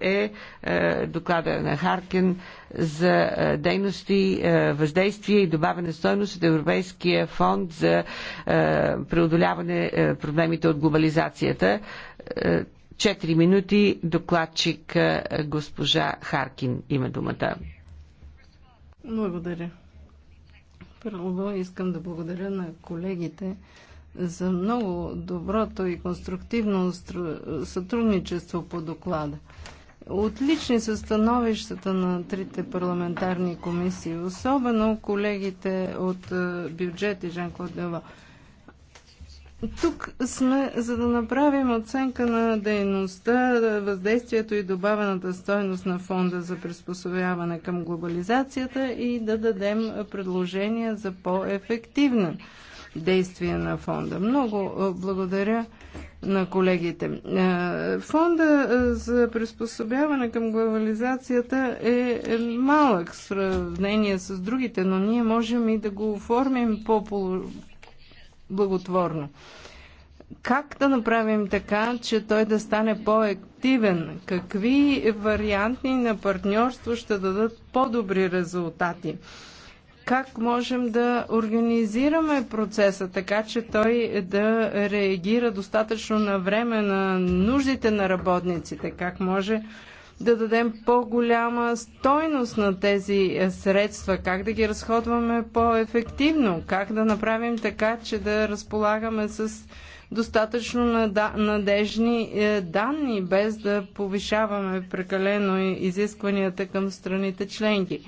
Е, е доклада на Харкен за е, дейности, е, въздействие и добавена стойност от Европейския фонд за преодоляване проблемите от глобализацията. Четири минути докладчик госпожа Харкин има думата. Благодаря. Първо искам да благодаря на колегите, за много доброто и конструктивно сътрудничество по доклада. Отлични са становищата на трите парламентарни комисии, особено колегите от е, бюджет и Жан-Клод Дева. Тук сме, за да направим оценка на дейността, въздействието и добавената стойност на фонда за приспособяване към глобализацията и да дадем предложения за по-ефективна действия на фонда. Много благодаря на колегите. Фонда за приспособяване към глобализацията е малък в сравнение с другите, но ние можем и да го оформим по-благотворно. Как да направим така, че той да стане по-активен? Какви варианти на партньорство ще дадат по-добри резултати? как можем да организираме процеса така, че той да реагира достатъчно на време на нуждите на работниците, как може да дадем по-голяма стойност на тези средства, как да ги разходваме по-ефективно, как да направим така, че да разполагаме с достатъчно надежни е, данни, без да повишаваме прекалено изискванията към страните членки.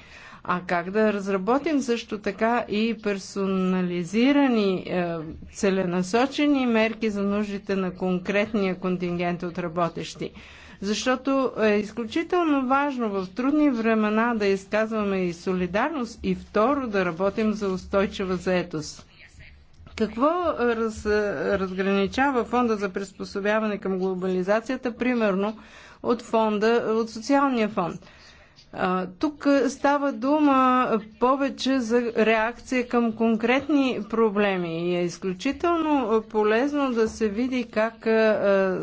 А как да разработим също така и персонализирани, е, целенасочени мерки за нуждите на конкретния контингент от работещи? Защото е изключително важно в трудни времена да изказваме и солидарност и второ да работим за устойчива заетост. Какво е, раз, е, разграничава фонда за приспособяване към глобализацията, примерно, от фонда, от социалния фонд? Тук става дума повече за реакция към конкретни проблеми и е изключително полезно да се види как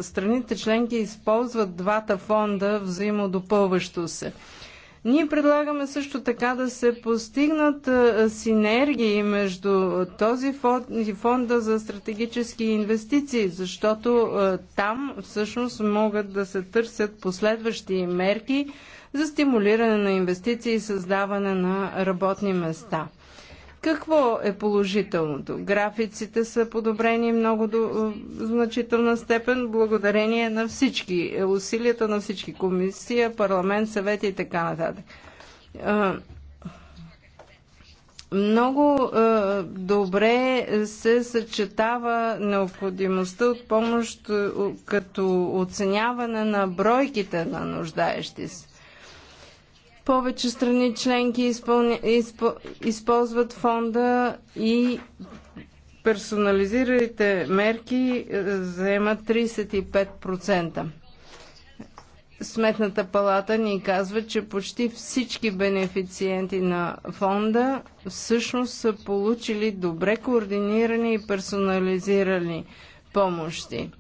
страните членки използват двата фонда взаимодопълващо се. Ние предлагаме също така да се постигнат синергии между този фонд и фонда за стратегически инвестиции, защото там всъщност могат да се търсят последващи мерки, за стимулиране на инвестиции и създаване на работни места. Какво е положителното? Графиците са подобрени много до е, значителна степен благодарение на всички, е, усилията на всички комисия, парламент, съвет и така нататък. Е, много добре се съчетава необходимостта от помощ като оценяване на бройките на нуждаещи се повече страни членки изпълня, изпо, използват фонда и персонализираните мерки е, заемат 35%. Сметната палата ни казва, че почти всички бенефициенти на фонда всъщност са получили добре координирани и персонализирани помощи.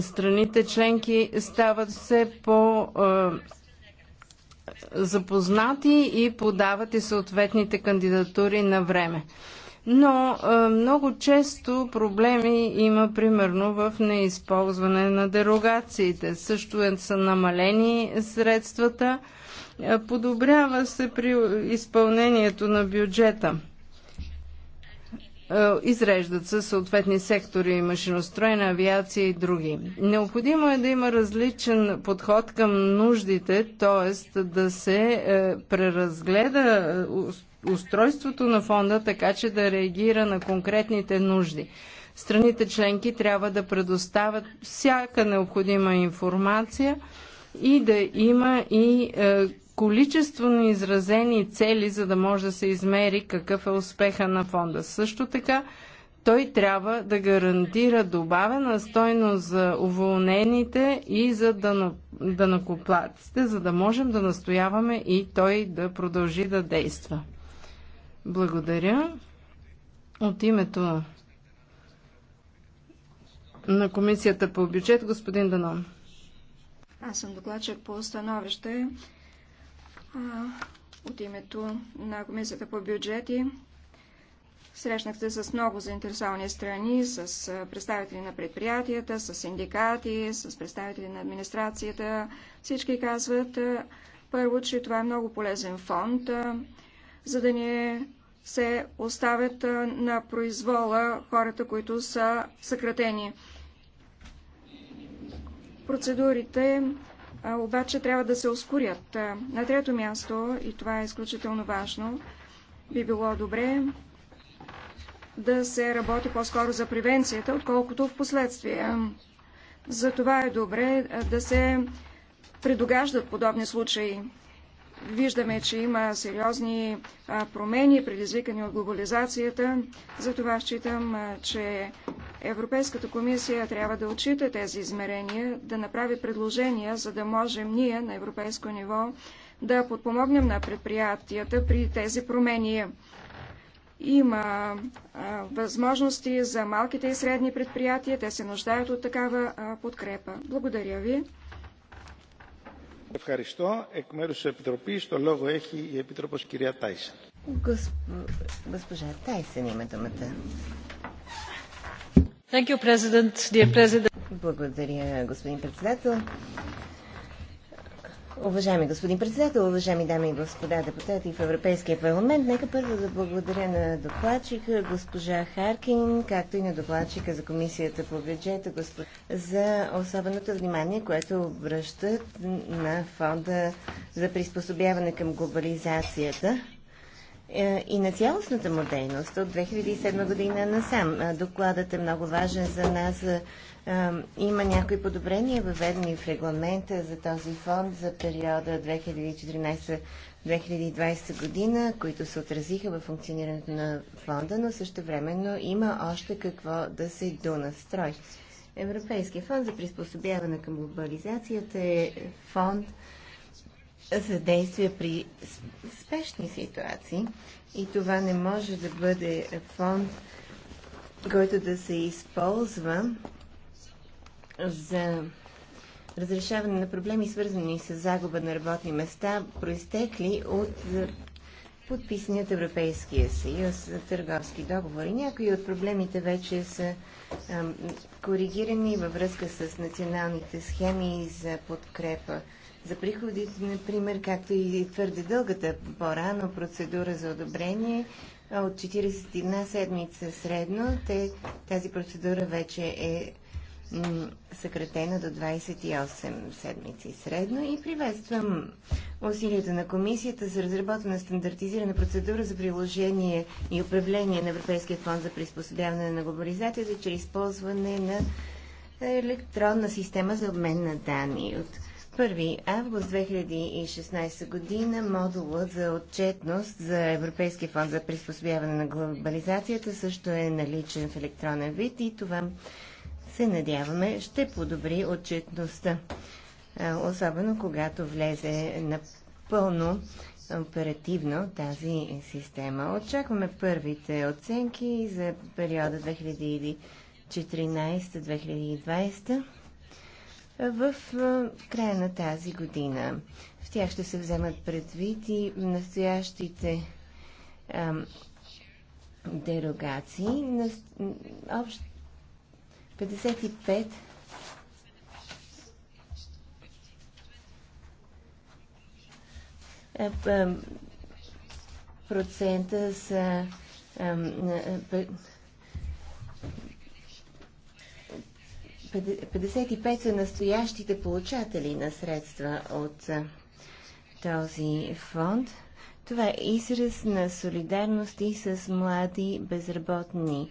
Страните членки стават все по- е, запознати и подават и съответните кандидатури на време. Но е, много често проблеми има примерно в неизползване на дерогациите. Също е, са намалени средствата. Е, подобрява се при изпълнението на бюджета. Е, изреждат се съответни сектори, машиностроена, авиация и други. Необходимо е да има различен подход към нуждите, т.е. да се е, преразгледа е, устройството на фонда, така че да реагира на конкретните нужди. Страните членки трябва да предоставят всяка необходима информация и да има и количествено изразени цели, за да може да се измери какъв е успеха на фонда. Също така, той трябва да гарантира добавена стойност за уволнените и за накоплатите, за да можем да настояваме и той да продължи да действа. Благодаря. От името на Комисията по бюджет, господин Данон. Аз съм докладчик по установище от името на Комисията по бюджети. Срещнах се с много заинтересовани страни, с представители на предприятията, с синдикати, с представители на администрацията. Всички казват, първо, че това е много полезен фонд, за да не се оставят на произвола хората, които са съкратени. Процедурите обаче трябва да се ускорят. На трето място, и това е изключително важно, би било добре да се работи по-скоро за превенцията, отколкото в последствие. За това е добре да се предугаждат подобни случаи. Виждаме, че има сериозни промени, предизвикани от глобализацията. Затова считам, че Европейската комисия трябва да отчита тези измерения, да направи предложения, за да можем ние на европейско ниво да подпомогнем на предприятията при тези промени. Има а, възможности за малките и средни предприятия. Те се нуждаят от такава а, подкрепа. Благодаря ви. Ευχαριστώ. Εκ μέρους της Επιτροπής το λόγο έχει η Επίτροπος κυρία Τάισεν. Госпожа Тайсен има думата. Thank you, President. Dear President. Благодаря, господин председател. Уважаеми господин председател, уважаеми дами и господа депутати в Европейския парламент, нека първо да благодаря на докладчика госпожа Харкин, както и на докладчика за комисията по бюджета за особеното внимание, което обръщат на фонда за приспособяване към глобализацията е, и на цялостната му дейност от 2007 година насам. Докладът е много важен за нас има някои подобрения въведени в регламента за този фонд за периода 2014-2020 година, които се отразиха във функционирането на фонда, но също времено има още какво да се донастрой. Европейския фонд за приспособяване към глобализацията е фонд за действия при спешни ситуации и това не може да бъде фонд, който да се използва за разрешаване на проблеми, свързани с загуба на работни места, проистекли от подписани от Европейския съюз за търговски договори. Някои от проблемите вече са ам, коригирани във връзка с националните схеми за подкрепа за приходите, например, както и твърде дългата по-рано процедура за одобрение от 41 седмица средно. Те, тази процедура вече е съкратена до 28 седмици средно и приветствам усилията на Комисията за разработване на стандартизирана процедура за приложение и управление на Европейския фонд за приспособяване на глобализацията чрез използване на електронна система за обмен на данни. От 1 август 2016 година модулът за отчетност за Европейския фонд за приспособяване на глобализацията също е наличен в електронен вид и това се надяваме ще подобри отчетността, особено когато влезе напълно оперативно тази система. Очакваме първите оценки за периода 2014-2020 в края на тази година. В тях ще се вземат предвид и настоящите ам, дерогации. На, общ, 55 е, е, процента са 55 е, са настоящите получатели на средства от този фонд. Това е израз на солидарност и с млади безработни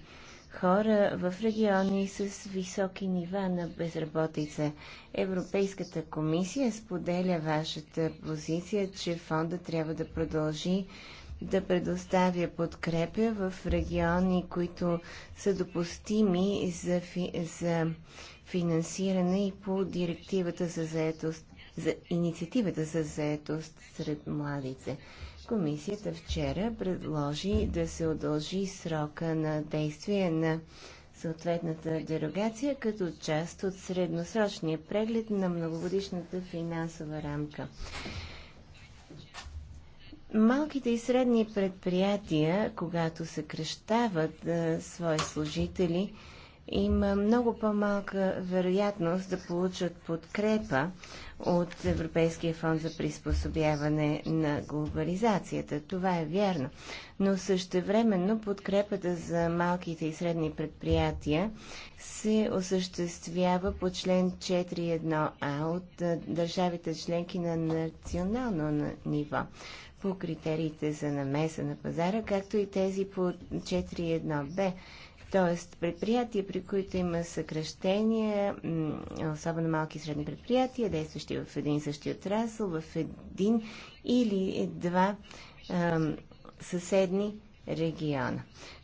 хора в региони с високи нива на безработица. Европейската комисия споделя вашата позиция, че фонда трябва да продължи да предоставя подкрепя в региони, които са допустими за, фи, за финансиране и по директивата за заетост, за инициативата за заетост сред младите комисията вчера предложи да се удължи срока на действие на съответната дерогация като част от средносрочния преглед на многогодишната финансова рамка. Малките и средни предприятия, когато съкръщават а, свои служители, има много по-малка вероятност да получат подкрепа от Европейския фонд за приспособяване на глобализацията. Това е вярно. Но същевременно подкрепата за малките и средни предприятия се осъществява по член 4.1а от държавите членки на национално ниво по критериите за намеса на пазара, както и тези по 4.1б Тоест, предприятия, при които има съкръщения, особено малки и средни предприятия, действащи в един и същи отрасъл, в един или два съседни региона.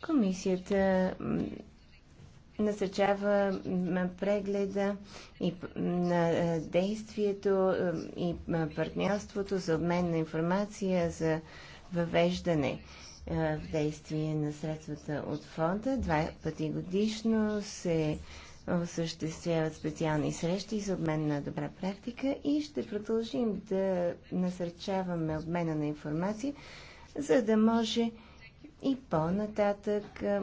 Комисията насърчава прегледа и на действието и партньорството за обмен на информация за въвеждане в е, действие на средствата от фонда. Два пъти годишно се осъществяват специални срещи за обмен на добра практика и ще продължим да насърчаваме обмена на информация, за да може и по-нататък е,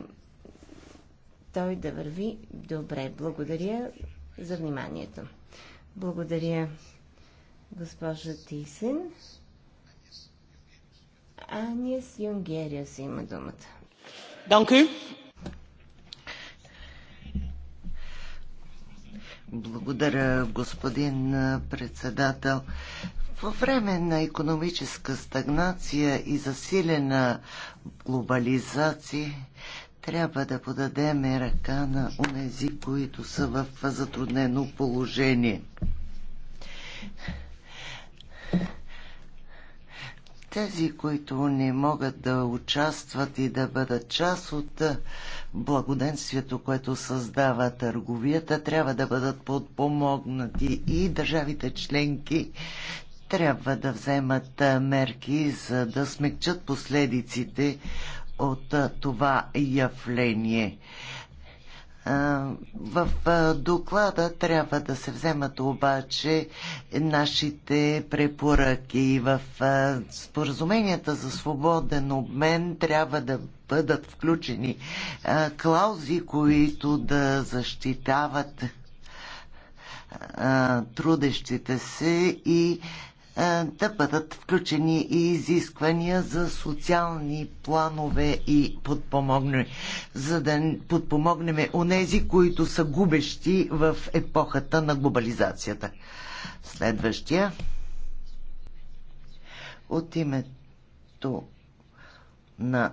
той да върви добре. Благодаря за вниманието. Благодаря, госпожа Тисен. Анис Юнгериус има думата. Благодаря, господин председател. Във време на економическа стагнация и засилена глобализация трябва да подадем ръка на унези, които са в затруднено положение. Тези, които не могат да участват и да бъдат част от благоденствието, което създава търговията, трябва да бъдат подпомогнати и държавите членки трябва да вземат мерки, за да смекчат последиците от това явление. В доклада трябва да се вземат обаче нашите препоръки. В споразуменията за свободен обмен трябва да бъдат включени клаузи, които да защитават трудещите се и е, да бъдат включени и изисквания за социални планове и подпомогне, за да подпомогнем онези, които са губещи в епохата на глобализацията. Следващия. От името на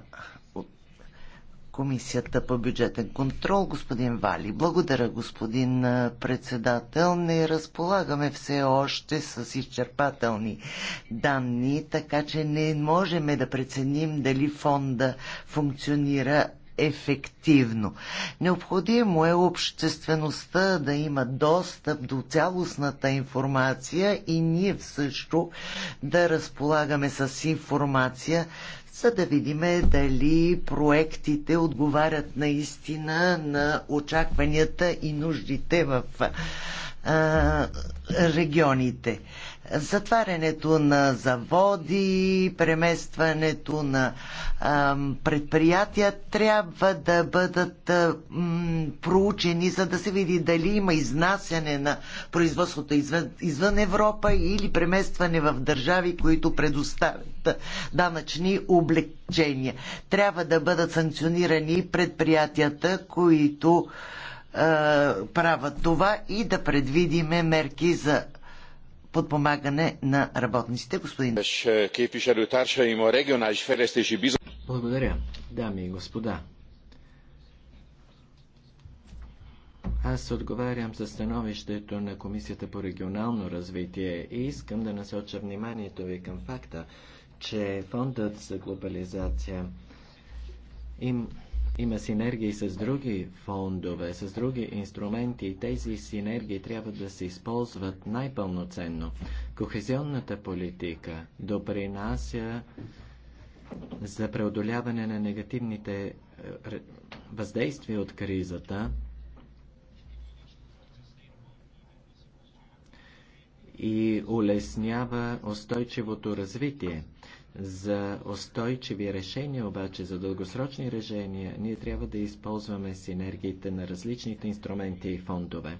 Комисията по бюджетен контрол, господин Вали. Благодаря, господин председател. Не разполагаме все още с изчерпателни данни, така че не можем да преценим дали фонда функционира ефективно. Необходимо е обществеността да има достъп до цялостната информация и ние също да разполагаме с информация за да видим дали проектите отговарят наистина на очакванията и нуждите в регионите. Затварянето на заводи, преместването на предприятия трябва да бъдат проучени, за да се види дали има изнасяне на производството извън, извън Европа или преместване в държави, които предоставят данъчни облегчения. Трябва да бъдат санкционирани предприятията, които е, правят това и да предвидиме мерки за подпомагане на работниците. Господин. Благодаря, дами и господа. Аз отговарям за становището на Комисията по регионално развитие и искам да насоча вниманието ви към факта, че Фондът за глобализация им има синергии с други фондове, с други инструменти и тези синергии трябва да се използват най-пълноценно. Кохезионната политика допринася за преодоляване на негативните е, въздействия от кризата и улеснява устойчивото развитие. За устойчиви решения, обаче за дългосрочни решения, ние трябва да използваме синергиите на различните инструменти и фондове.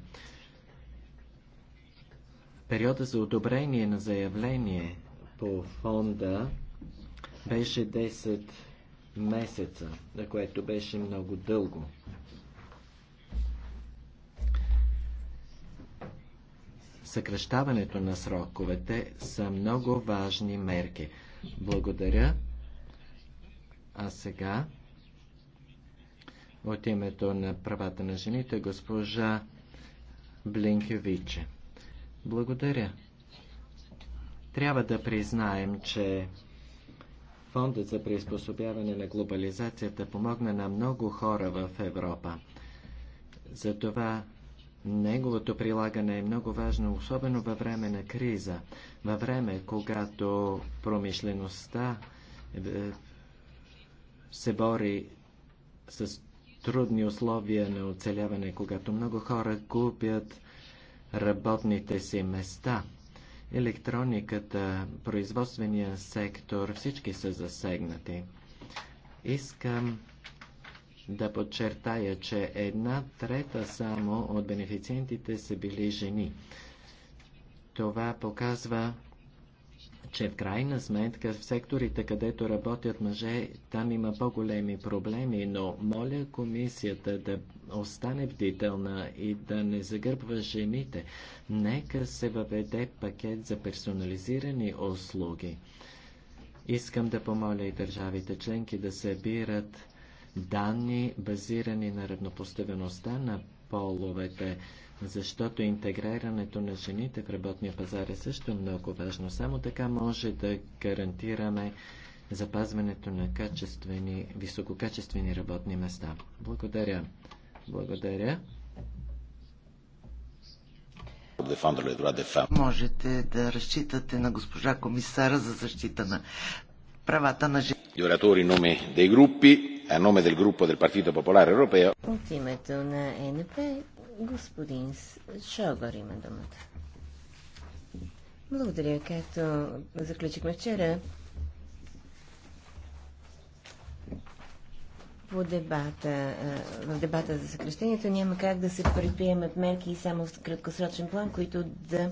Периода за одобрение на заявление по фонда беше 10 месеца, на което беше много дълго. Съкръщаването на сроковете са много важни мерки – благодаря. А сега от името на правата на жените госпожа Блинкевиче. Благодаря. Трябва да признаем, че Фондът за приспособяване на глобализацията помогна на много хора в Европа. Затова Неговото прилагане е много важно, особено във време на криза, във време, когато промишлеността е, се бори с трудни условия на оцеляване, когато много хора купят работните си места. Електрониката, производствения сектор, всички са засегнати. Искам да подчертая, че една трета само от бенефициентите са били жени. Това показва, че в крайна сметка в секторите, където работят мъже, там има по-големи проблеми, но моля комисията да остане бдителна и да не загърбва жените. Нека се въведе пакет за персонализирани услуги. Искам да помоля и държавите членки да събират данни, базирани на равнопоставеността на половете, защото интегрирането на жените в работния пазар е също много важно. Само така може да гарантираме запазването на качествени, висококачествени работни места. Благодаря. Благодаря. Можете да разчитате на госпожа комисара за защита на правата на жените a nome del gruppo del Partito Popolare Europeo. От името на господин Шогор има думата. Благодаря, както заключихме вчера. По дебата, в дебата за съкрещението няма как да се предприемат мерки само в краткосрочен план, които да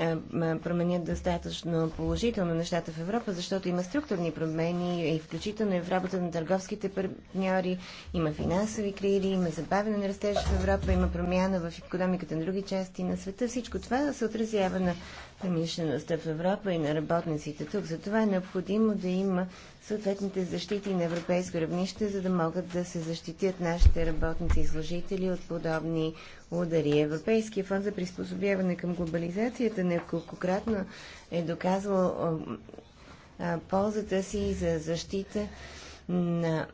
е, променят достатъчно положително нещата в Европа, защото има структурни промени и включително и в работа на търговските партньори, има финансови кризи, има забавяне на растеж в Европа, има промяна в економиката на други части на света. Всичко това се отразява на промишлеността в Европа и на работниците тук. Затова е необходимо да има съответните защити на европейско равнище, за да могат да се защитят нашите работници и служители от подобни удари. Европейския фонд за приспособяване към глобализацията неколкократно е доказвал ползата си за защита на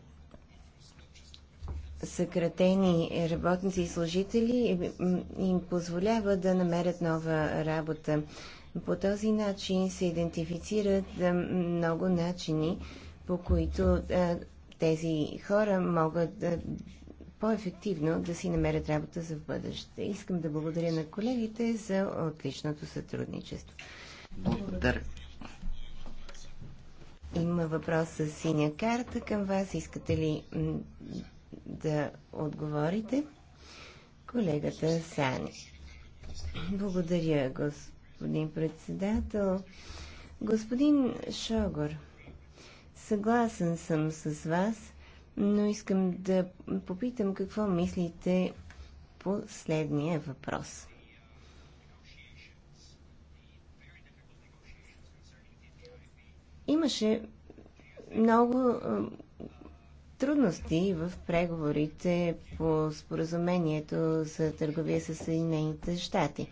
съкратени работници и служители им позволява да намерят нова работа. По този начин се идентифицират много начини по които а, е, тези хора могат да, по-ефективно да си намерят работа за в бъдеще. Искам да благодаря на колегите за отличното сътрудничество. Благодаря. Има въпрос с синя карта към вас. Искате ли да отговорите? Колегата Сани. Благодаря, господин председател. Господин Шогор, Съгласен съм с вас, но искам да попитам какво мислите по следния въпрос. Имаше много трудности в преговорите по споразумението за търговия с Съединените щати.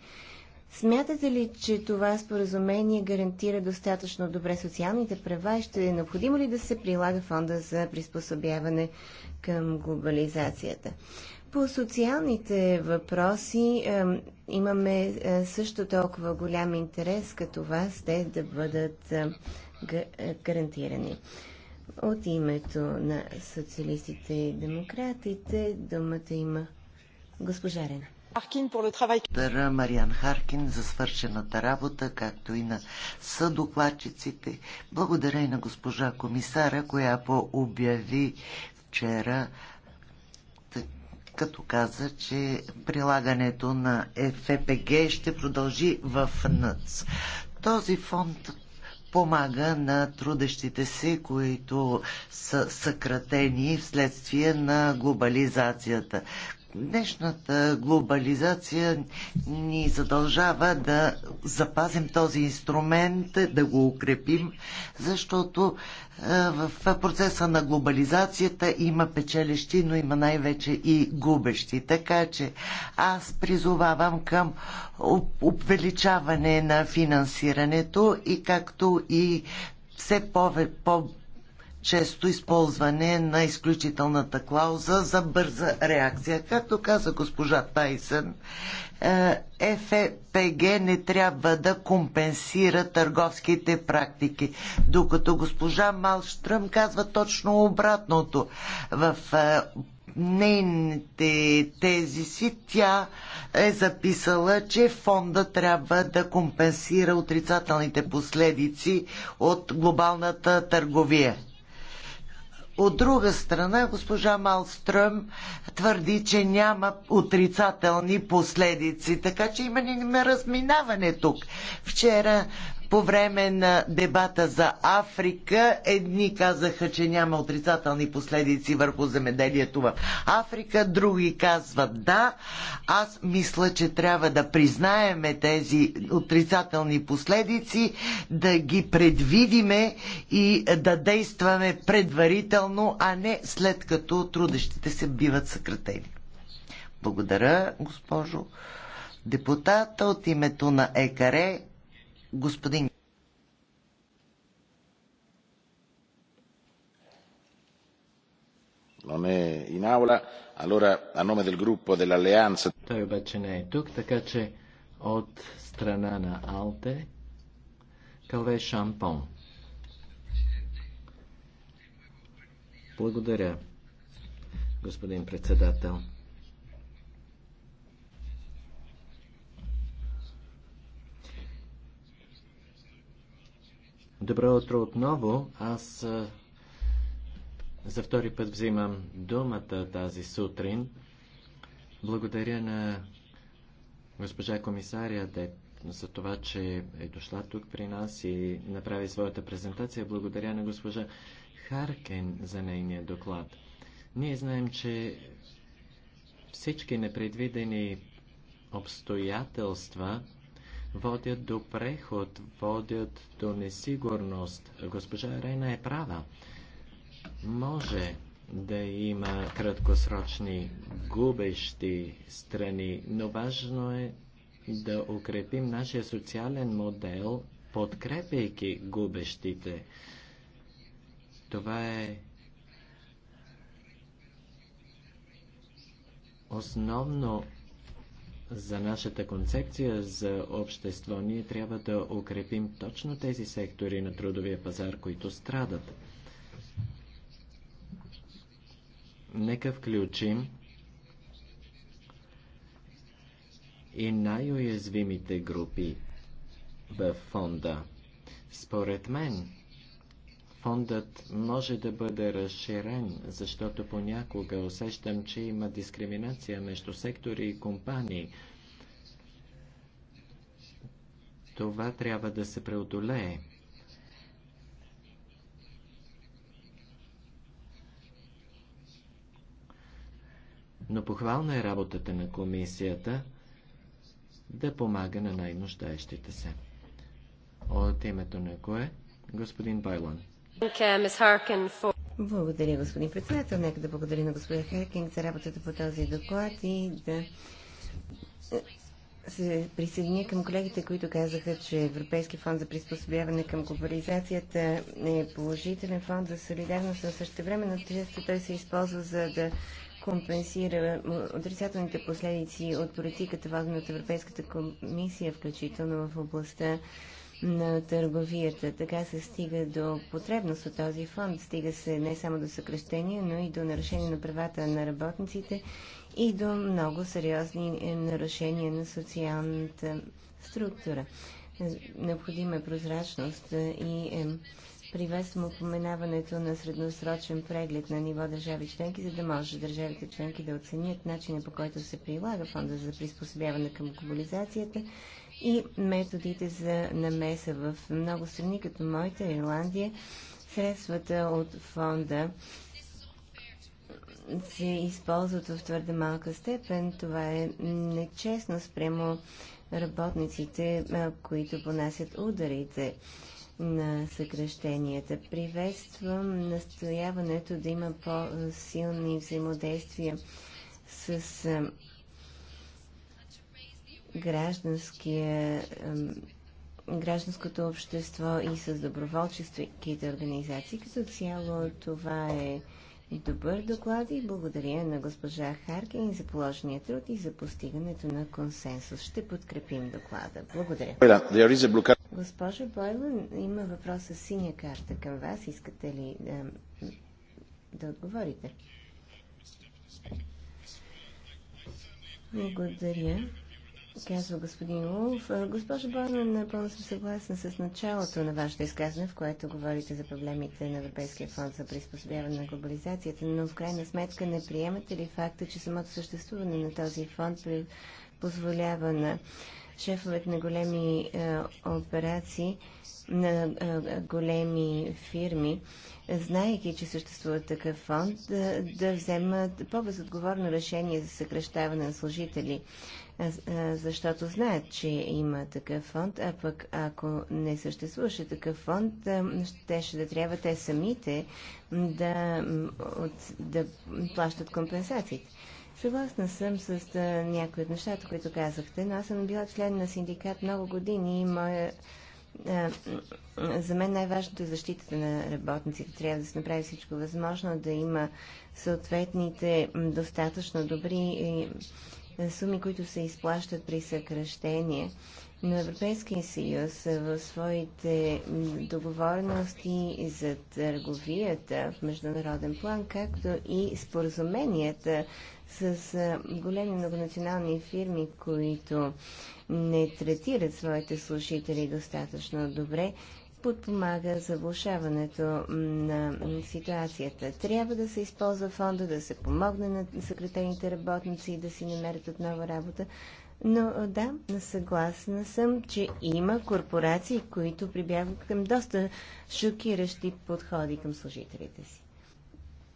Смятате ли, че това споразумение гарантира достатъчно добре социалните права и ще е необходимо ли да се прилага фонда за приспособяване към глобализацията? По социалните въпроси е, имаме също толкова голям интерес като вас те да бъдат е, е, гарантирани. От името на социалистите и демократите думата има госпожа Рена. Благодаря Мариан Харкин за свършената работа, както и на съдокладчиците. Благодаря и на госпожа комисара, която обяви вчера като каза, че прилагането на е ФПГ ще продължи в НЦ. Този фонд помага на трудещите се, които са съкратени вследствие на глобализацията. Днешната глобализация ни задължава да запазим този инструмент, да го укрепим, защото е, в процеса на глобализацията има печелещи, но има най-вече и губещи. Така че аз призовавам към увеличаване на финансирането и както и все повече по често използване на изключителната клауза за бърза реакция. Както каза госпожа Тайсън, е, е ФПГ не трябва да компенсира търговските практики, докато госпожа Малштръм казва точно обратното. В е, нейните тези си, тя е записала, че фонда трябва да компенсира отрицателните последици от глобалната търговия. От друга страна, госпожа Малстръм твърди, че няма отрицателни последици, така че има неразминаване тук. Вчера по време на дебата за Африка. Едни казаха, че няма отрицателни последици върху земеделието в Африка, други казват да. Аз мисля, че трябва да признаеме тези отрицателни последици, да ги предвидиме и да действаме предварително, а не след като трудещите се биват съкратени. Благодаря, госпожо депутата. От името на ЕКАРЕ господин Но non è in aula, allora a nome del gruppo dell'alleanza. Той обаче не е тук, така че от страна на Алте, Калве Шампон. Благодаря, господин председател. Добро утро отново. Аз за втори път взимам думата тази сутрин. Благодаря на госпожа комисария за това, че е дошла тук при нас и направи своята презентация. Благодаря на госпожа Харкен за нейния доклад. Ние знаем, че всички непредвидени обстоятелства водят до преход, водят до несигурност. Госпожа Рейна е права. Може да има краткосрочни губещи страни, но важно е да укрепим нашия социален модел, подкрепяйки губещите. Това е основно за нашата концепция за общество, ние трябва да укрепим точно тези сектори на трудовия пазар, които страдат. Нека включим и най-уязвимите групи в фонда. Според мен, фондът може да бъде разширен, защото понякога усещам, че има дискриминация между сектори и компании. Това трябва да се преодолее. Но похвална е работата на комисията да помага на най-нуждаещите се. От името на кое? Господин Байлан. Uh, благодаря, господин председател. Нека да благодаря на господин Херкинг за работата по този доклад и да е, се присъединя към колегите, които казаха, че Европейски фонд за приспособяване към глобализацията е положителен фонд за солидарност, но също времено често той се използва за да компенсира е, отрицателните последици от политиката, водена от Европейската комисия, включително в областта на търговията. Така се стига до потребност от този фонд. Стига се не само до съкрещение, но и до нарушение на правата на работниците и до много сериозни е, нарушения на социалната структура. Необходима е прозрачност е, и е, приветствам упоменаването на средносрочен преглед на ниво държави членки, за да може държавите членки да оценят начина по който се прилага фонда за приспособяване към глобализацията и методите за намеса в много страни, като моята Ирландия. Средствата от фонда се използват в твърде малка степен. Това е нечестно спрямо работниците, които понасят ударите на съкръщенията. Приветствам настояването да има по-силни взаимодействия с гражданския, гражданското общество и с доброволческите организации. Като цяло това е добър доклад и благодаря на госпожа Харкин за положения труд и за постигането на консенсус. Ще подкрепим доклада. Благодаря. Госпожа Бойлан, има въпрос с синя карта към вас. Искате ли да, да отговорите? Благодаря казва господин Лов. Госпожа Бойна, напълно съм съгласна с началото на вашето изказване, в което говорите за проблемите на Европейския фонд за приспособяване на глобализацията, но в крайна сметка не приемате ли факта, че самото съществуване на този фонд позволява на шефовете на големи е, операции, на е, големи фирми, знаеки, че съществува такъв фонд, да, да вземат по-безотговорно решение за съкръщаване на служители, е, защото знаят, че има такъв фонд, а пък ако не съществуваше такъв фонд, те ще да трябва те самите да, от, да плащат компенсациите. Съгласна съм с а, някои от нещата, които казахте, но аз съм била член на синдикат много години и моя, е, а, за мен най-важното е защитата на работниците. Трябва да се направи всичко възможно, да има съответните достатъчно добри е, е, суми, които се изплащат при съкръщение. Но Европейския съюз в своите договорности за търговията в международен план, както и споразуменията с големи многонационални фирми, които не третират своите служители достатъчно добре, подпомага заглушаването на ситуацията. Трябва да се използва фонда, да се помогне на съкратените работници и да си намерят отнова работа. Но да, съгласна съм, че има корпорации, които прибягват към доста шокиращи подходи към служителите си.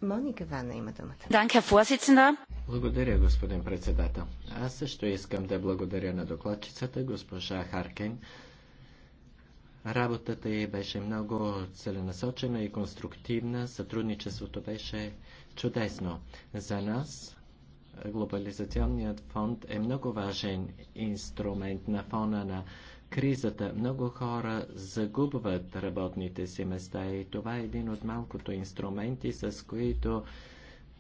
Моника има думата. Благодаря, господин председател. Аз също искам да благодаря на докладчицата, госпожа Харкен. Работата й беше много целенасочена и конструктивна. Сътрудничеството беше чудесно. За нас глобализационният фонд е много важен инструмент на фона на кризата. Много хора загубват работните си места и това е един от малкото инструменти, с които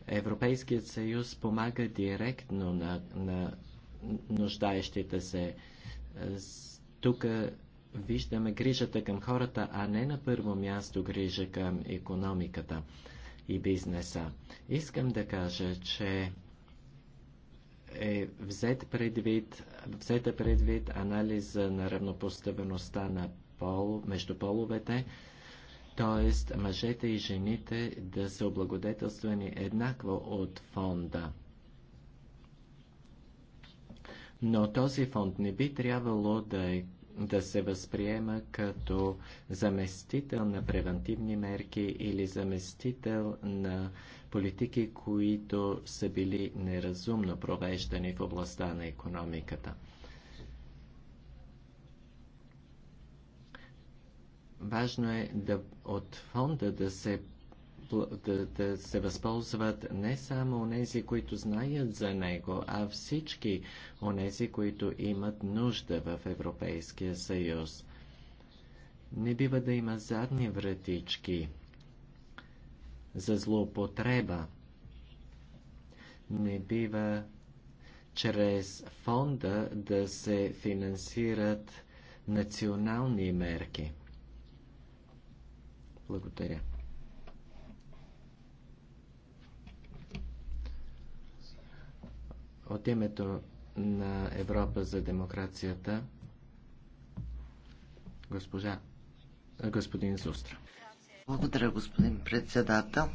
Европейският съюз помага директно на, на нуждаещите се. Тук виждаме грижата към хората, а не на първо място грижа към економиката и бизнеса. Искам да кажа, че е взет предвид, взета е предвид анализа на равнопоставеността на пол, между половете, т.е. мъжете и жените да са облагодетелствани еднакво от фонда. Но този фонд не би трябвало да, е, да се възприема като заместител на превентивни мерки или заместител на политики, които са били неразумно провеждани в областта на економиката. Важно е да, от фонда да се, да, да се възползват не само онези, които знаят за него, а всички онези, които имат нужда в Европейския съюз. Не бива да има задни вратички – за злоупотреба. Не бива чрез фонда да се финансират национални мерки. Благодаря. От името на Европа за демокрацията, госпожа, господин Зустра. Благодаря, господин председател.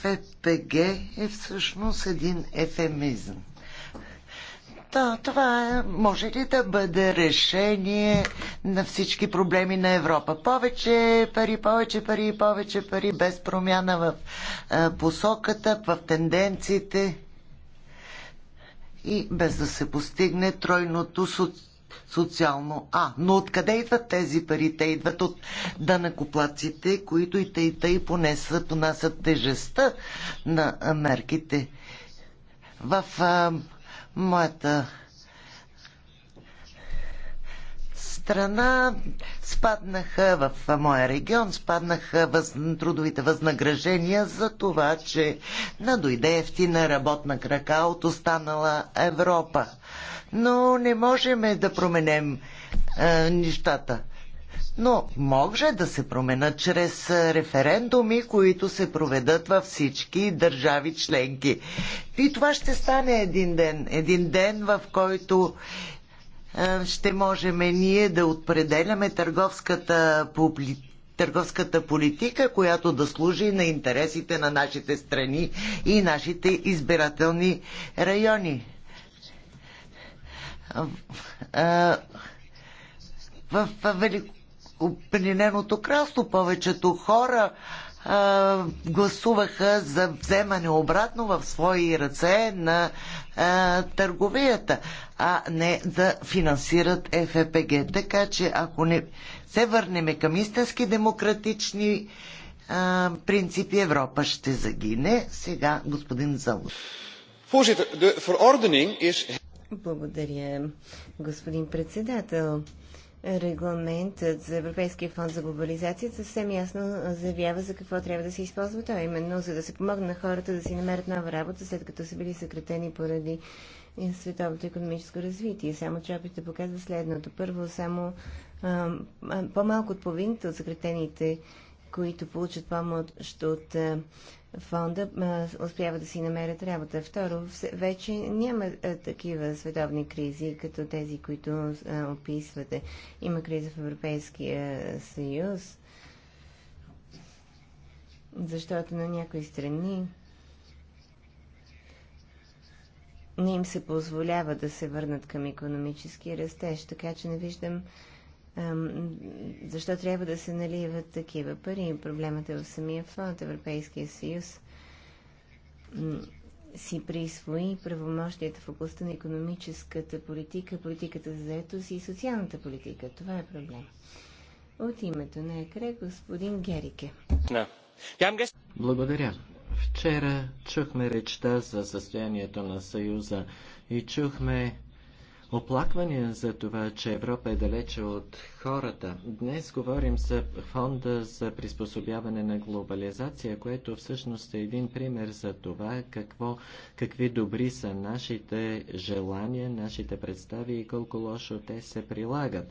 ФПГ е всъщност един ефемизъм. Да, това е, може ли да бъде решение на всички проблеми на Европа? Повече пари, повече пари, повече пари, без промяна в е, посоката, в тенденциите и без да се постигне тройното социално социално А. Но откъде идват тези пари? Те идват от данакоплаците, които и те тъй те понесат, понасят тежестта на мерките. В а, моята страна спаднаха в моя регион, спаднаха въз, трудовите възнаграждения за това, че надойде ефтина работна крака от останала Европа. Но не можем да променем е, нещата. Но може да се променят чрез референдуми, които се проведат във всички държави членки. И това ще стане един ден. Един ден, в който е, ще можем ние да определяме търговската публика търговската политика, която да служи на интересите на нашите страни и нашите избирателни райони. Е, в Великобританското кралство повечето хора а, гласуваха за вземане обратно в свои ръце на а, търговията, а не да финансират ФПГ. Е така че ако не се върнем към истински демократични а, принципи, Европа ще загине. Сега господин Залов. Благодаря, господин председател регламентът за Европейския фонд за глобализация съвсем ясно заявява за какво трябва да се използва той, именно за да се помогне на хората да си намерят нова работа, след като са били съкратени поради световното економическо развитие. Само че опитът показва следното. Първо, само по-малко от половината от съкратените които получат помощ от е, фонда, е, успяват да си намерят работа. Второ, вече няма е, такива световни кризи, като тези, които описвате. Има криза в Европейския съюз, защото на някои страни не им се позволява да се върнат към економически растеж, така че не виждам защо трябва да се наливат такива пари? Проблемът е в самия фонд. Европейския съюз си присвои правомощията в областта на економическата политика, политиката за заетост и социалната политика. Това е проблем. От името на екре господин Герике. Благодаря. Вчера чухме речта за състоянието на Съюза и чухме оплаквания за това, че Европа е далече от хората. Днес говорим за фонда за приспособяване на глобализация, което всъщност е един пример за това какво, какви добри са нашите желания, нашите представи и колко лошо те се прилагат.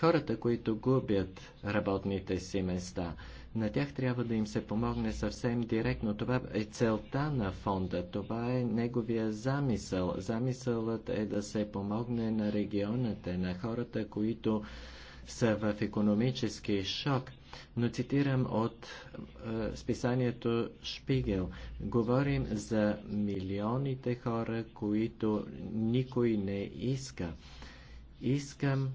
Хората, които губят работните си места – на тях трябва да им се помогне съвсем директно. Това е целта на фонда. Това е неговия замисъл. Замисълът е да се помогне на регионите, на хората, които са в економически шок. Но цитирам от е, списанието Шпигел. Говорим за милионите хора, които никой не иска. Искам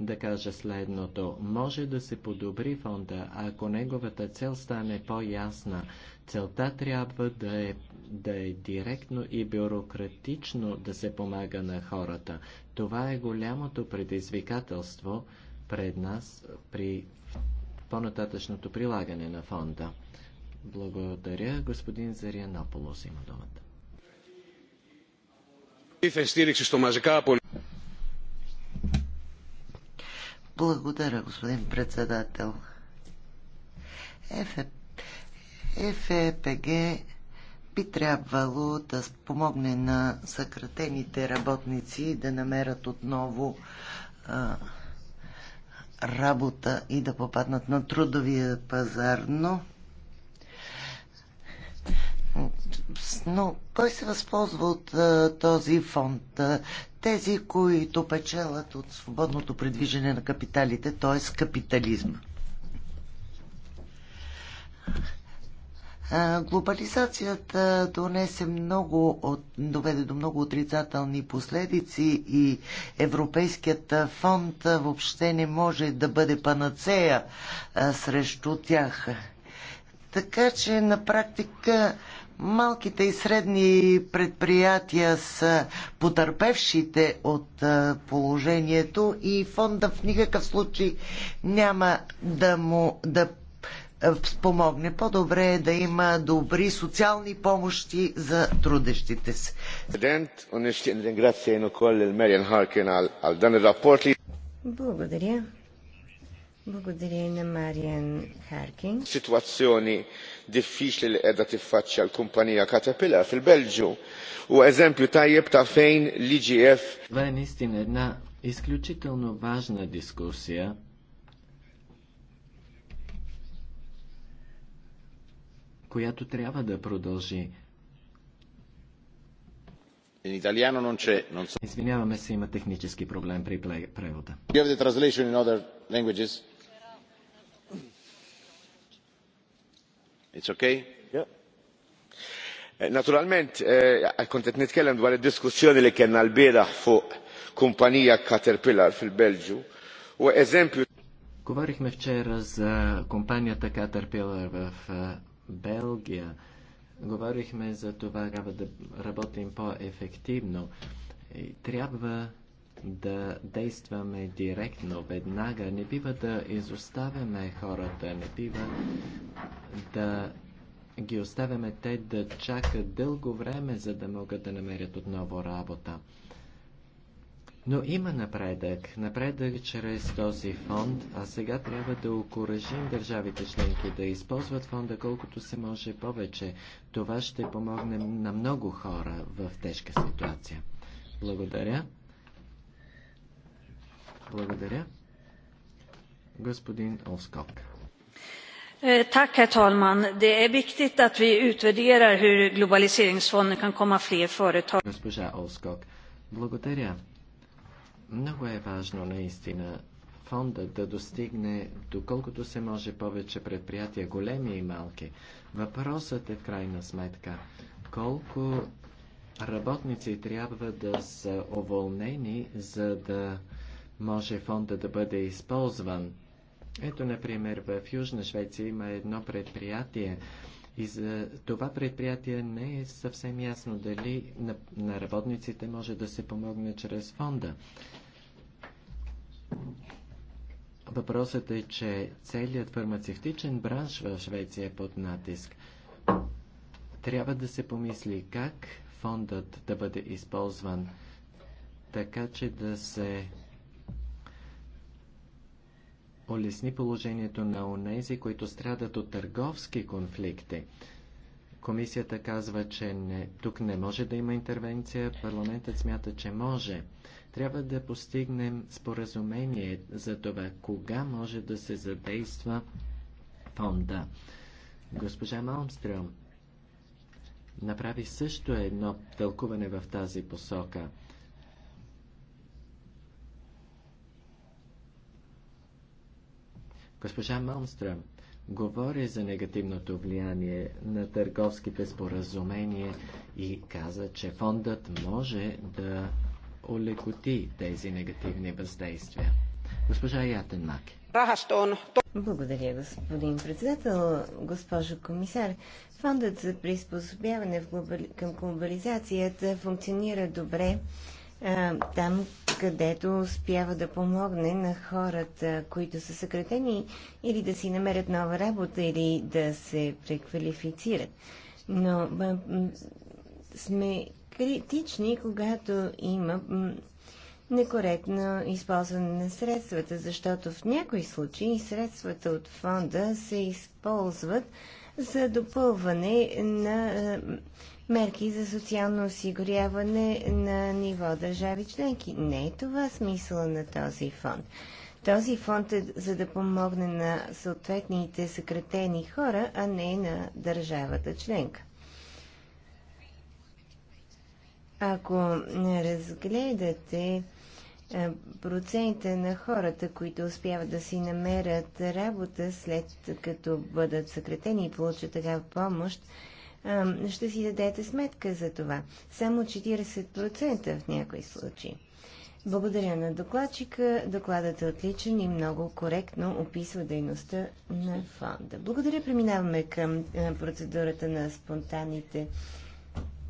да кажа следното. Може да се подобри фонда, ако неговата цел стане по-ясна. Целта трябва да е, да е директно и бюрократично да се помага на хората. Това е голямото предизвикателство пред нас при по-нататъчното прилагане на фонда. Благодаря. Господин Зарианополос има думата. Благодаря, господин председател. ФЕ... ФЕПГ би трябвало да помогне на съкратените работници да намерят отново а, работа и да попаднат на трудовия пазар, но но кой се възползва от а, този фонд? тези, които печелят от свободното предвижение на капиталите, т.е. капитализма. Глобализацията донесе много от, доведе до много отрицателни последици и Европейският фонд въобще не може да бъде панацея срещу тях. Така че на практика Малките и средни предприятия са потърпевшите от положението и фонда в никакъв случай няма да му да спомогне. По-добре е да има добри социални помощи за трудещите се. Благодаря. Благодаря на Мариан Харкин diffiċli li qiegħda tiffaċċja l-kumpanija Caterpillar fil-Belġju u eżempju tajjeb ta' fejn l-IGF. Това е наистина unu изключително важна дискусия. tu трябва da продължи. In italiano non c'è, non so. Извиняваме се, има технически проблем при prevota. Do you have the translation in other languages? It's okay? Naturalment, kont qed nitkellem dwar id-diskussjoni li kellna l fuq kumpanija Caterpillar fil-Belġju u eżempju. Говорихме вчера за компанията Caterpillar в Белгия. Говорихме за това, трябва да работим по-ефективно. Трябва да действаме директно, веднага. Не бива да изоставяме хората, не бива да ги оставяме те да чакат дълго време, за да могат да намерят отново работа. Но има напредък. Напредък чрез този фонд, а сега трябва да окоръжим държавите членки да използват фонда колкото се може повече. Това ще помогне на много хора в тежка ситуация. Благодаря. Благодаря. Господин Овскок. Tack, е, herr talman. Det är viktigt att vi utvärderar hur globaliseringsfonden kan komma fler företag. Госпожа Овскок, благодаря. Много е важно наистина фонда да достигне доколкото се може повече предприятия, големи и малки. Въпросът е в крайна сметка колко работници трябва да са уволнени, за да може фонда да бъде използван. Ето, например, в Южна Швеция има едно предприятие и за това предприятие не е съвсем ясно дали на, на работниците може да се помогне чрез фонда. Въпросът е, че целият фармацевтичен бранш в Швеция е под натиск. Трябва да се помисли как фондът да бъде използван, така че да се улесни положението на онези, които страдат от търговски конфликти. Комисията казва, че не, тук не може да има интервенция, парламентът смята, че може. Трябва да постигнем споразумение за това, кога може да се задейства фонда. Госпожа Малмстрем направи също едно тълкуване в тази посока – Госпожа Малмстръм говори за негативното влияние на търговските споразумения и каза, че фондът може да олекоти тези негативни въздействия. Госпожа Ятенмаки. Благодаря, господин председател, госпожо комисар. Фондът за приспособяване глобали... към глобализацията функционира добре там, където успява да помогне на хората, които са съкратени или да си намерят нова работа или да се преквалифицират. Но сме критични, когато има некоректно използване на средствата, защото в някои случаи средствата от фонда се използват за допълване на мерки за социално осигуряване на ниво държави членки. Не е това смисъла на този фонд. Този фонд е за да помогне на съответните съкратени хора, а не на държавата членка. Ако разгледате процента на хората, които успяват да си намерят работа след като бъдат съкратени и получат такава помощ, ще си дадете сметка за това. Само 40% в някои случаи. Благодаря на докладчика. Докладът е отличен и много коректно описва дейността на фонда. Благодаря. Преминаваме към процедурата на спонтанните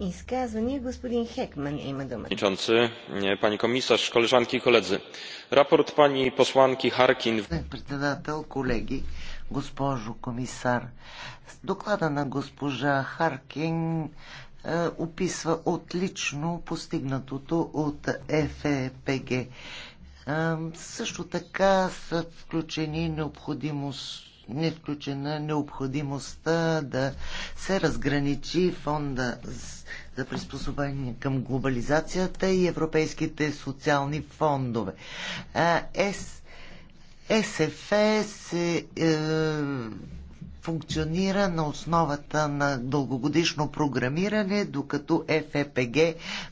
изказвания. Господин Хекман има думата. Пани комисар, колежанки и колеги. Рапорт пани посланки Харкин. Председател, колеги госпожо комисар. Доклада на госпожа Харкин е, описва отлично постигнатото от ФПГ. Е е, също така са включени необходимост не включена необходимостта да се разграничи фонда за приспособление към глобализацията и европейските социални фондове. ЕС СФ се е, функционира на основата на дългогодишно програмиране, докато ФПГ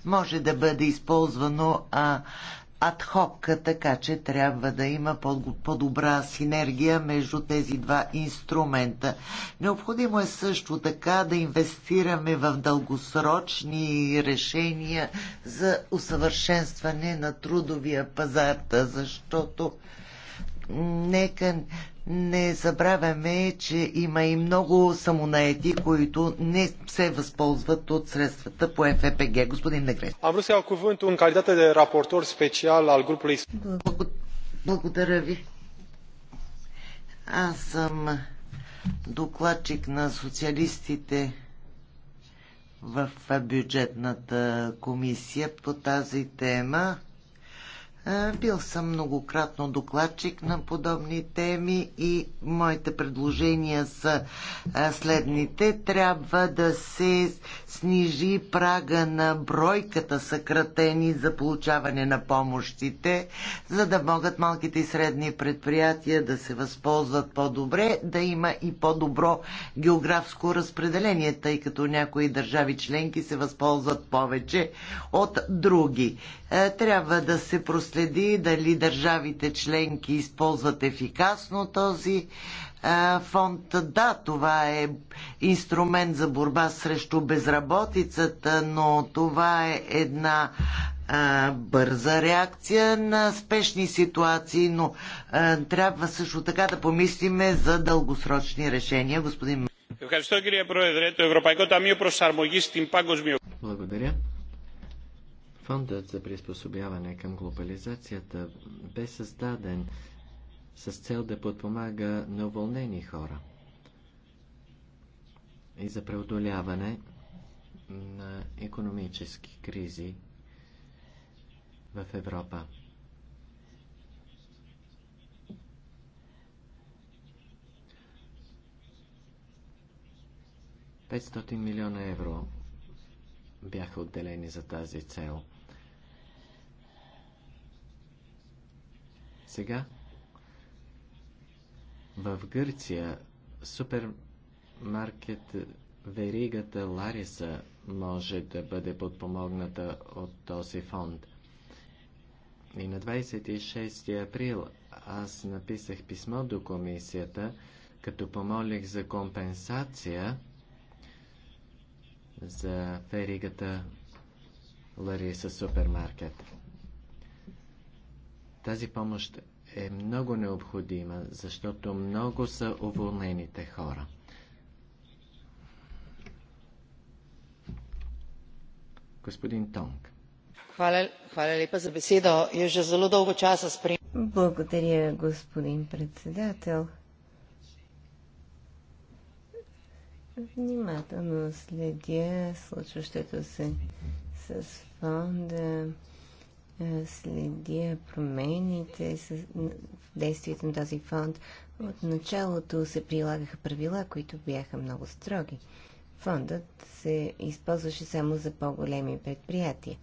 може да бъде използвано а, адхок, така че трябва да има по-добра синергия между тези два инструмента. Необходимо е също така да инвестираме в дългосрочни решения за усъвършенстване на трудовия пазар, защото нека не забравяме, че има и много самонаети, които не се възползват от средствата по ФПГ. Господин Негрес. А vrut să iau cuvântul în calitate de raportor special al grupului... Благодаря ви. Аз съм докладчик на социалистите в бюджетната комисия по тази тема. Е, бил съм многократно докладчик на подобни теми и моите предложения са е, следните. Трябва да се снижи прага на бройката съкратени за получаване на помощите, за да могат малките и средни предприятия да се възползват по-добре, да има и по-добро географско разпределение, тъй като някои държави членки се възползват повече от други. Е, трябва да се прости следи дали държавите членки използват ефикасно този фонд. Да, това е инструмент за борба срещу безработицата, но това е една бърза реакция на спешни ситуации, но трябва също така да помислиме за дългосрочни решения, господин. Благодаря. Фондът за приспособяване към глобализацията бе създаден с цел да подпомага неуволнени хора и за преодоляване на економически кризи в Европа. Петстотин милиона евро бяха отделени за тази цел – Сега в Гърция супермаркет веригата Лариса може да бъде подпомогната от този фонд. И на 26 април аз написах писмо до комисията, като помолих за компенсация за веригата Лариса супермаркет. Тази помощ е много необходима, защото много са уволнените хора. Господин Тонг. Благодаря, господин председател. Внимателно следя случващото се с фонда. Е, следя промените в действието на този фонд. От началото се прилагаха правила, които бяха много строги. Фондът се използваше само за по-големи предприятия.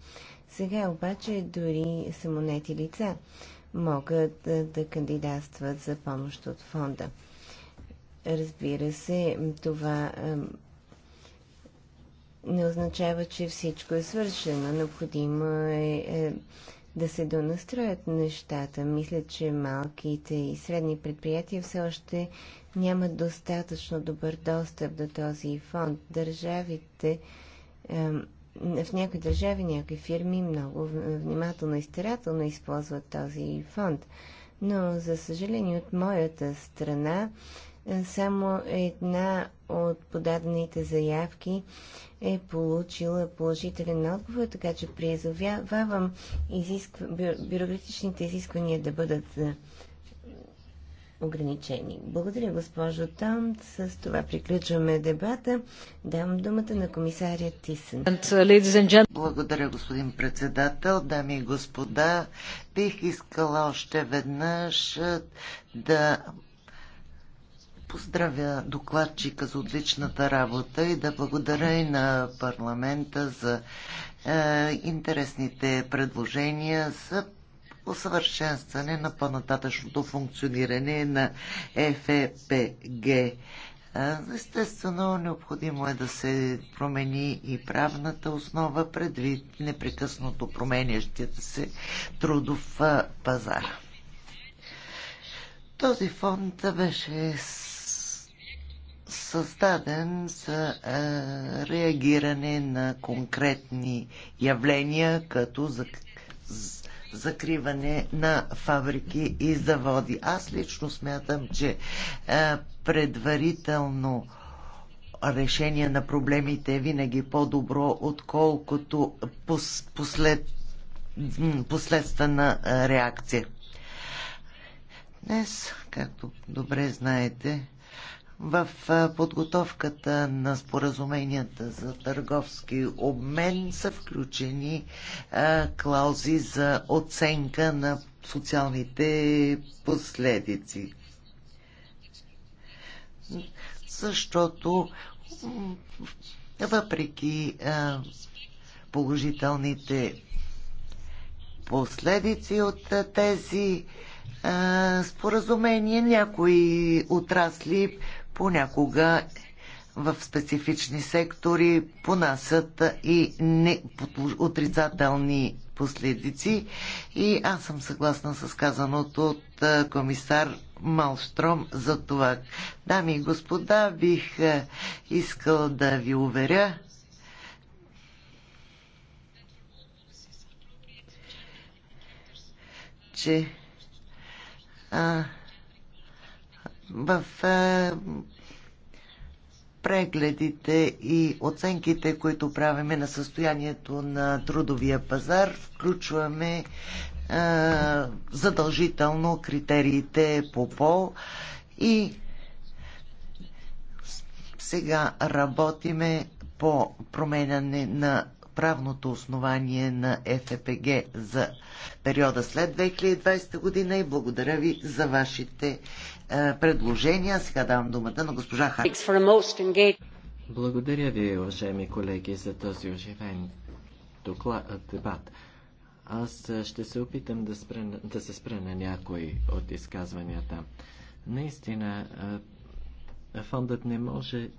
Сега обаче дори самонети лица могат да, е, да кандидатстват за помощ от фонда. Разбира се, това не означава, че всичко е свършено. Необходимо е, е да се донастроят нещата. Мисля, че малките и средни предприятия все още нямат достатъчно добър достъп до този фонд. Държавите, е, в някои държави, някои фирми много внимателно и старателно използват този фонд. Но, за съжаление, от моята страна само една от подадените заявки е получила положителен отговор, така че призовявам изисква, бюрократичните изисквания да бъдат е, ограничени. Благодаря, госпожо Том. С това приключваме дебата. Дам думата на комисаря Тисен. Uh, Благодаря, господин председател. Дами и господа, бих искала още веднъж е, да поздравя докладчика за отличната работа и да благодаря и на парламента за е, интересните предложения за усъвършенстване на по-нататъчното функциониране на е ФПГ. Е, естествено, необходимо е да се промени и правната основа предвид непрекъснато променящите се трудов е, пазар. Този фонд беше създаден за е, реагиране на конкретни явления, като за, за, закриване на фабрики и заводи. Аз лично смятам, че е, предварително решение на проблемите е винаги по-добро, отколкото пос, послед, последствена е, реакция. Днес, както добре знаете, в подготовката на споразуменията за търговски обмен са включени клаузи за оценка на социалните последици. Защото въпреки положителните последици от тези споразумения, някои отрасли понякога в специфични сектори понасят и не, отрицателни последици. И аз съм съгласна с казаното от е, комисар Малстром за това. Дами и господа, бих е, искал да ви уверя, че а, в е, прегледите и оценките, които правиме на състоянието на трудовия пазар, включваме е, задължително критериите по пол и сега работиме по променяне на правното основание на ФПГ за периода след 2020 година и благодаря ви за вашите е, предложения. Сега давам думата на госпожа Хан. Благодаря ви, уважаеми колеги, за този оживен доклад, дебат. Аз е, ще се опитам да, спре, да се спра на някои от изказванията. Наистина, е, фондът не може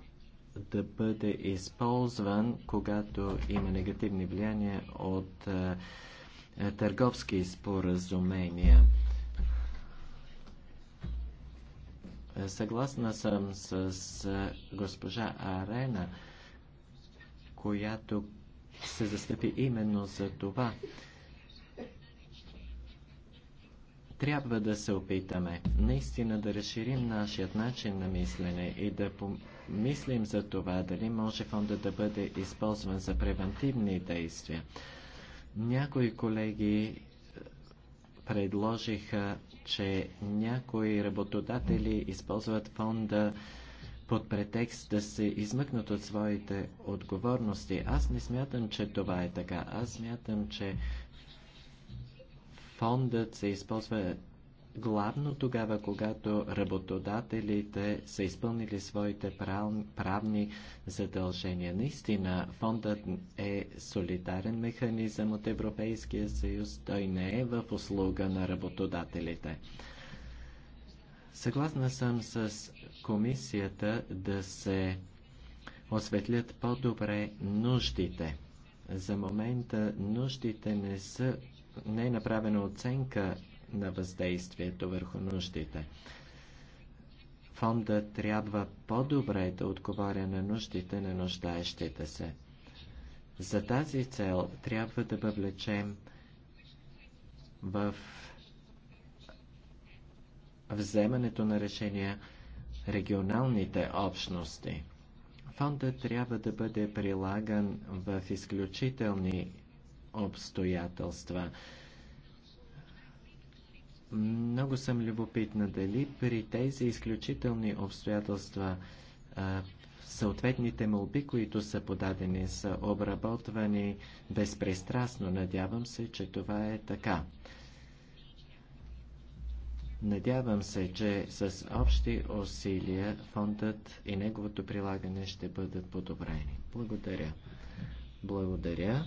да бъде използван, когато има негативни влияния от е, е, търговски споразумения. Съгласна съм с е, госпожа Арена, която се застъпи именно за това. Трябва да се опитаме наистина да разширим нашият начин на мислене и да мислим за това, дали може фонда да бъде използван за превентивни действия. Някои колеги е, предложиха, че някои работодатели използват фонда под претекст да се измъкнат от своите отговорности. Аз не смятам, че това е така. Аз смятам, че фондът се използва главно тогава, когато работодателите са изпълнили своите правни задължения. Наистина, фондът е солидарен механизъм от Европейския съюз. Той не е в услуга на работодателите. Съгласна съм с комисията да се осветлят по-добре нуждите. За момента нуждите не са не е направена оценка на въздействието върху нуждите. Фонда трябва по-добре да отговаря на нуждите на нуждаещите се. За тази цел трябва да въвлечем в вземането на решения регионалните общности. Фондът трябва да бъде прилаган в изключителни обстоятелства. Много съм любопитна дали при тези изключителни обстоятелства съответните молби, които са подадени, са обработвани безпристрастно. Надявам се, че това е така. Надявам се, че с общи усилия фондът и неговото прилагане ще бъдат подобрени. Благодаря. Благодаря.